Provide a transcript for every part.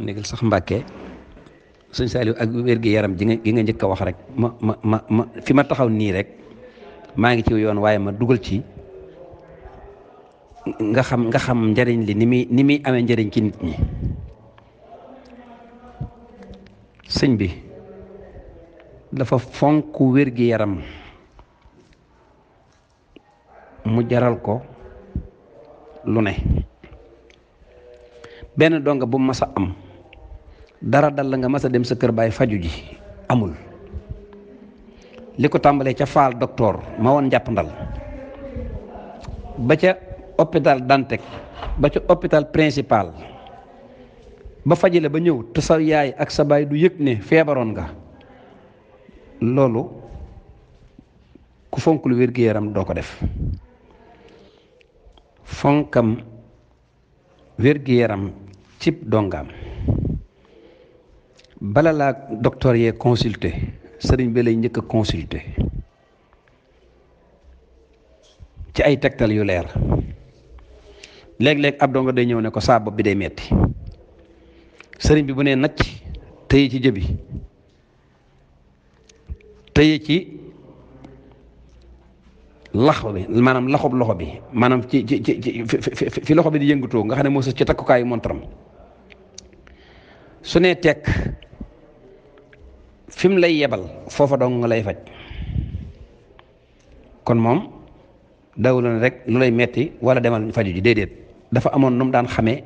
ndigal sax Mbàkke sëñ Saliou ak wér yaram ji nga gi nga njëkk a wax rek ma ma ma fi ma taxaw nii rek maa ngi ci yoon waaye ma dugal ci nga xam nga xam njëriñ li ni muy ni muy amee njariñ ci nit ñi sëñ bi dafa fonk wér-gi-yaram mu jaral ko lu ne benn donga bu mas a am dara dal la nga mas a dem sa kër baay faju ji amul li ko tàmbalee ca faal docteur ma woon njàpp ndal ba ca hôpital Dantec ba ca hôpital principal ba fajale ba ñëw te sa yaay ak sa baay du yëg ne feebaroon nga loolu ku fonk lu yaram doo ko def fonkam wér yaram cib dongaam bala laa docteur yee consulter sëriñ bi lay njëkk a consulter ci ay tektal yu leer léeg-léeg ab donga day ñëw ne ko saa bi day metti sëriñ bi bu nee nacc tëye ci jëbi tëye ci laxo bi maanaam laxob loxo bi maanaam ci ci ci fi loxo bi di yëngatoo nga xam ne moo sës ci takkukaayu montaram su nee tekk fi lay yebal foofa dong lay faj kon moom dawuloon rek lu lay metti wala demal ñu faju ji déedéet dafa amoon nu mu daan xamee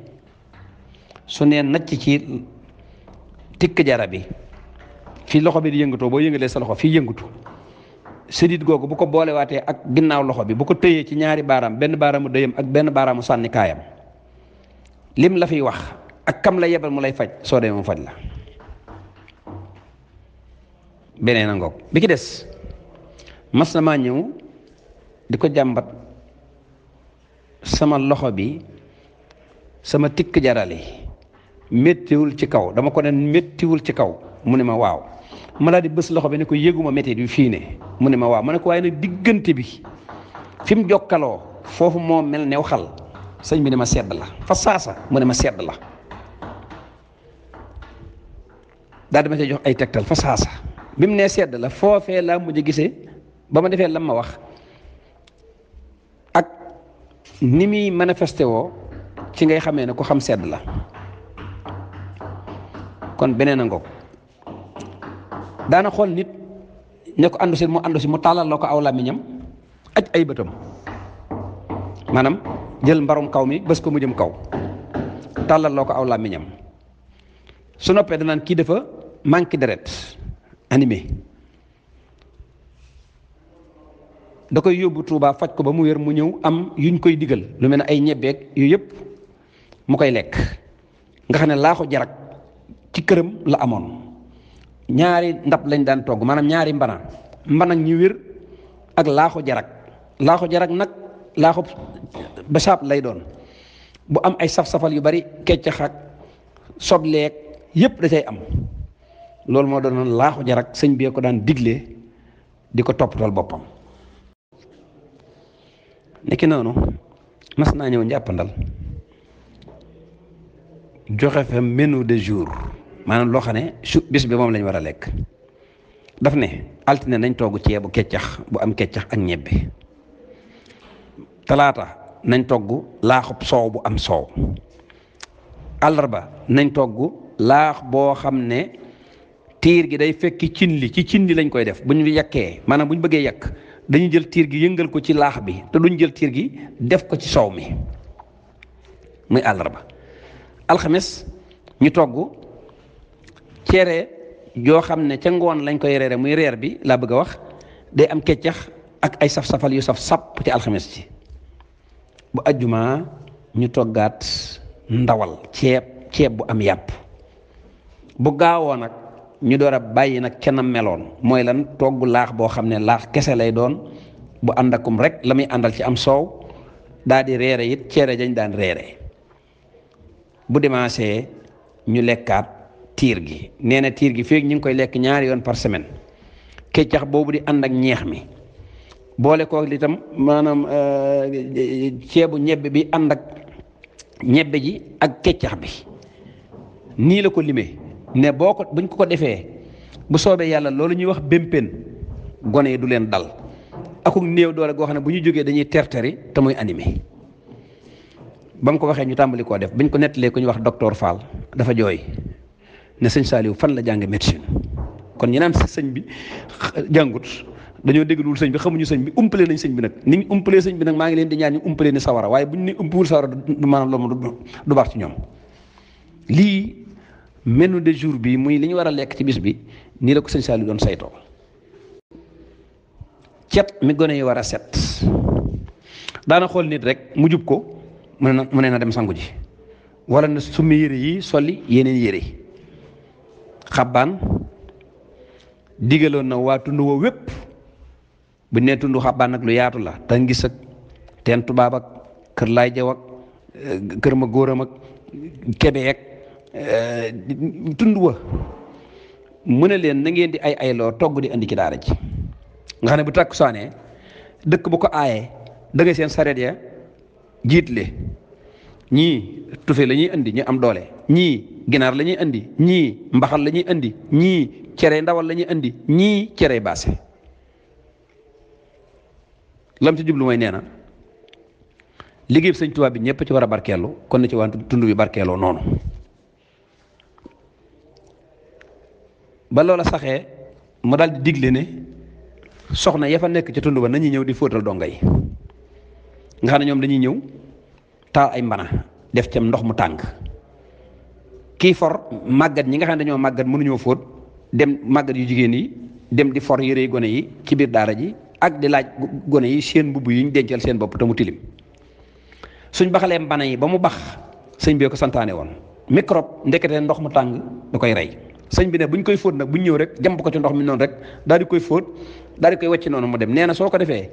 su nee nacc ci tikk jara bi fii loxo bi di yëngatoo boo yëngalee sa loxo fi yëngatu sédit googu bu ko boolewaatee ak ginnaaw loxo bi bu ko tëyee ci ñaari baaraam benn baaraamu dëyam ak benn baaraamu sànni kaayam lim lafiy wax ak kam la yebal mu lay faj soo demee mu faj la beneen a ngoog bi ki des mas na maa ñëw di ko jàmbat sama loxo bi sama tikk jarali méttiwul ci kaw dama ko ne méttiwul ci kaw mu ne ma waaw ma laa di bës loxo bi ne ko yëguma métti du fiine mu ne ma waaw ma ne ko waaye nag diggante bi fi mu jokkaloo foofu moo mel new xal sëñ bi ne ma sedd la fa saasa mu ne ma sedd la daal di ma ca jox ay tegtal fa saasa bi mu nee sedd la foofee laa mujj gisee ba ma defee lam ma wax ak ni muy manifesté woo ci ngay xamee ne ku xam sedd la kon beneen a ngoog daana xool nit ne ko àndu si mu àndu si mu tàllal loo ko aw làmmiñam aj ay bëtam maanaam jël mbarum kaw mi bés ko mu jëm kaw tàllal loo ko aw làmmiñam su noppee danaan kii dafa manqué deret animé da koy yóbbu Touba faj ko ba mu wér mu ñëw am yuñ koy digal lu mel ne ay ñebeeg yu yëpp mu koy lekk nga xam ne laa ko jarak ci këram la amoon ñaari ndab lañ daan togg maanaam ñaari mbana mbana ñu wér ak laaxu jarak laaxu jarak nag laaxu basaab lay doon bu am ay saf-safal yu bari keccax ak sobleeg yëpp da cay am loolu moo doonoon laaxu jarak sëñ bi ko daan digle di ko toppatool boppam niki noonu mas naa ñëw njàppandal joxe fa menu de jour maanaam loo xam ne su bis bi moom lañ war a lekk daf ne altine nañ togg ceebu keccax bu am keccax ak ñebbe talaata nañ togg laaxu soow bu am soow àllarba nañ togg laax boo xam ne tiir gi day fekki cin li ci cin li lañ koy def bu ñu yàkkee maanaam bu ñu bëggee yàkk dañu jël tiir gi yëngal ko ci laax bi te duñ jël tiir gi def ko ci soow mi muy àllarba alxames ñu togg cere yoo xam ne ce ngoon lañ koy reere muy reer bi laa bëgg wax day am keccax ak ay saf-safal yu saf sap ci alxames ci bu ajjumaa ñu toggaat ndawal ceeb ceeb bu am yàpp bu gaawoo nag ñu door a bàyyi nag kenn meloon mooy lan togg laax boo xam ne laax kese lay doon bu ànd akum rek la muy àndal ci am soow daa di reere it ceere dañ daan reere bu dimaasee ñu lekkaat tiir gi nee na tiir gi fii ñu ngi koy lekk ñaari yoon par semaine keccax boobu di ànd ak ñeex mi boole koo itam maanaam euh, ceebu ñebbe bi ànd ak ñebbe ak keccax bi nii la ko limee ne boo ko buñ ko ko defee bu soobee yàlla loolu ñuy wax bémpéen gone yi du leen dal akuk néew doole goo xam ne bu ñu jógee dañuy terteri te muy animé ba mu ko waxee ñu tàmbali koo def bañ ko nettalee ko ñu wax docteur Fall dafa jooy ne sëñ Saliou fan la jàng médecine kon ñi naan sëñ bi jàngut dañoo dégglul sëñ bi xamuñu sëñ bi umpalee nañ sëñ bi nag ni ñu umpalee sëñ bi nag maa ngi leen di ñaan ñu umpalee ni sawara waaye buñ ne umpawul sawara du maanaam loolu du bar ci ñoom menu de jour bi muy li ñu war a lekk ci bis bi nii la ko sëñ Saliou doon sayto cet mi gone yi war a set daana xool nit rek mu jub ko mu ne na dem sangu ji wala na summi yére yi soli yeneen yére yi xabaan digaloon na waa tund woo wépp bu ne tund xabaan nag lu yaatu la tangis ak teen tubaab ak kër laay jaw ak eh, kër ma góoram ak kebe Eh, tund wa mu ne leen na ngeen di ay ayloo togg di andi ci daara ji nga xam ne bu takk takkusaanee dëkk bu ko aayee da seen sareet ya jiitle ñii tufe la ñuy andi ñu am doole ñii ginaar la ñuy andi ñii mbaxal la ñuy andi ñii cere ndawal la ñuy andi ñii cere baase lam ci jublu mooy nee na liggéey bi sëñ Tuubaa bi ñëpp ci war a barkeelu kon na ci waan tund bi barkeeloo noonu ba loola saxee mu daal di digle ne soxna ya fa nekk ca tund ba nañuy ñëw di fóotal donga yi nga xam ne ñoom dañuy ñëw taal ay mbana def cam ndox mu tàng kii for màggat ñi nga xam ne dañoo màggat mënuñoo fóot dem màggat yu jigéen yi dem di for yére gone yi ci biir daara ji ak di laaj gone yi seen mbubb yi ñu dencal seen bopp te mu tilim suñ baxalee mbana yi ba mu bax sëñ bee ko santaane woon microbe ndekete ndox mu tàng da koy rey sëñ bi ne bu ñu koy fóot nag bu ñu ñëw rek jàmb ko ci ndox mi noonu rek daal di koy fóot daal di koy wàcc noonu mu dem nee na soo ko defee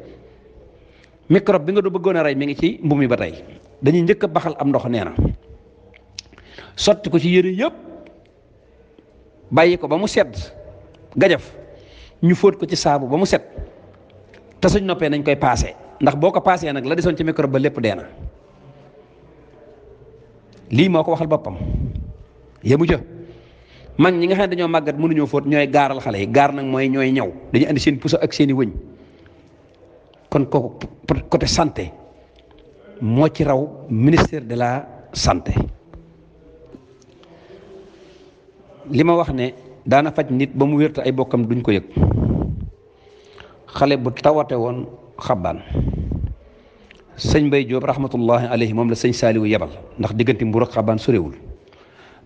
microbe bi nga du bëggoon a rey mi ngi ci mbu mi ba tey dañuy njëkk baxal am ndox nee na sotti ko ci yëre yëpp bàyyi ko ba mu sedd gajaf ñu fóot ko ci saabu ba mu set te suñ noppee nañ koy paase ndax boo ko paasee nag la desoon ci microbe ba lépp dee na lii moo ko waxal boppam yemu ca mag ñi nga xam ne dañoo màggat mënuñoo fóot ñooy gaaral xale yi gaar nag mooy ñooy ñaw dañuy andi seen puso ak seen i wëñ kon kooku côté sante moo ci raw ministère de la sante li ma wax ne daana faj nit ba mu wérte ay bokkam duñ ko yëg xale bu tawatee woon xabaan sëñ Mbay Jóob rahmatullahi alayhi moom la sëñ Saaliwu yebal ndax diggante Mbuur ak xabaan sorewul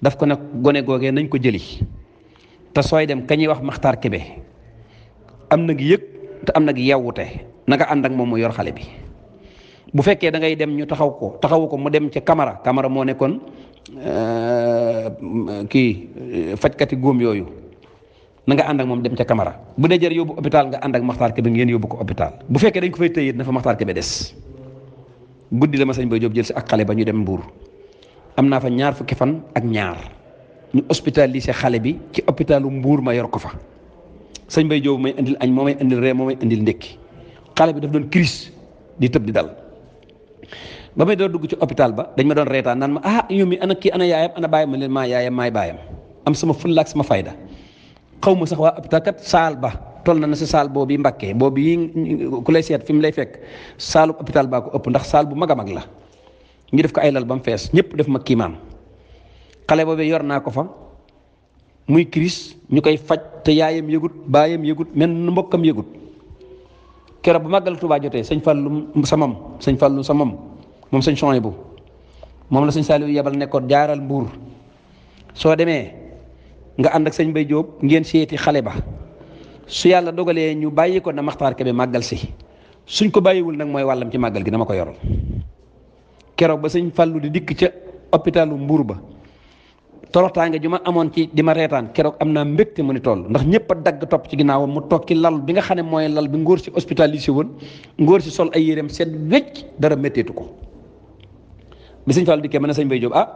daf ko nag gone googee nañ ko jëli te sooy dem kañuy wax maxtaar kebe am nag yëg te am nag yewwute na nga ànd moom mu yor xale bi bu fekkee dangay dem ñu taxaw ko taxawu ko mu dem ca kamara kamara moo nekkoon euh, kii euh, fajkati góom yooyu na nga ànd ak moom dem ca kamara bu dee jër yóbbu hôpital nga ànd ak maxtaar kebe ngeen yóbbu ko hôpital bu fekkee dañ ko fay tëye na fa maxtaar be des guddi la ma sëñ Ba Jóob jël si ak xale ba ñu dem mbuur am naa fa ñaar fukki fan ak ñaar ñu hospitalisé xale bi ci hôpitalu Mbour ma yor ko fa sëñ Bay Joob may indil añ moo may indil ree moo may indil ndékki xale bi def doon crise di tëb di dal ba may doon dugg ci hôpital ba dañ ma doon reetaan naan ma ah yow mi ana kii ana yaayam ana baayam ma leen maa yaayam maay baayam am sama fulla ak sama fayda xaw ma sax waa hôpital kat saal ba toll na na si saal boobu mbakkee mbàkkee boobu yi ku lay seet fi mu lay fekk saalu hôpital baa ëpp ndax saal bu mag a mag la ñu def ko ay lal ba mu fees ñëpp def ma kiimaan xale boobee yor naa ko fa muy kiris ñu koy faj te yaayam yëgut baayam yëgut men mbokkam yëgut keroog bu màggal Tuubaa jotee sëñ Fallou samam sëñ Fallou samam moom sëñ Souhaïbou moom la sëñ Saliou yebal nekkoon jaaral mbuur soo demee nga ànd ak Bay Jóob ngeen seeti xale ba su yàlla dogalee ñu bàyyi ko na maxtaar kebe màggal si suñ ko bàyyiwul nag mooy wallam ci màggal gi dama ko yoral keroog ba sëñ fàllu di dikk ca hôpitalu mbuur ba toroxtaange ju ma amoon ci di ma reetaan keroog am naa mbégte mu ni toll ndax ñëpp dagg topp ci ginnaawam mu toog ci lal bi nga xam ne mooy lal bi ngóor si hospitalisé woon ngóor si sol ay yéreem seet wecc dara metteetu ko bi sëñ fàllu dikkee ma ne sëñ bay jóob ah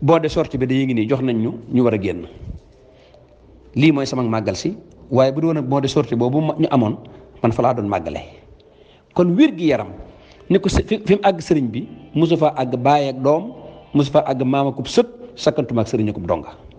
boo de sorti bi da yé jox nañ ñu ñu war a génn lii mooy sama màggal si waaye bu doon boo de sorti boobu ñu amoon man fa laa doon màggale kon wér gi yaram ni ko fi mu àgg sëriñ bi mosu faa àgg baay doom mosu faa àgg maam akub sët sakkantumaak sëriñ kub donga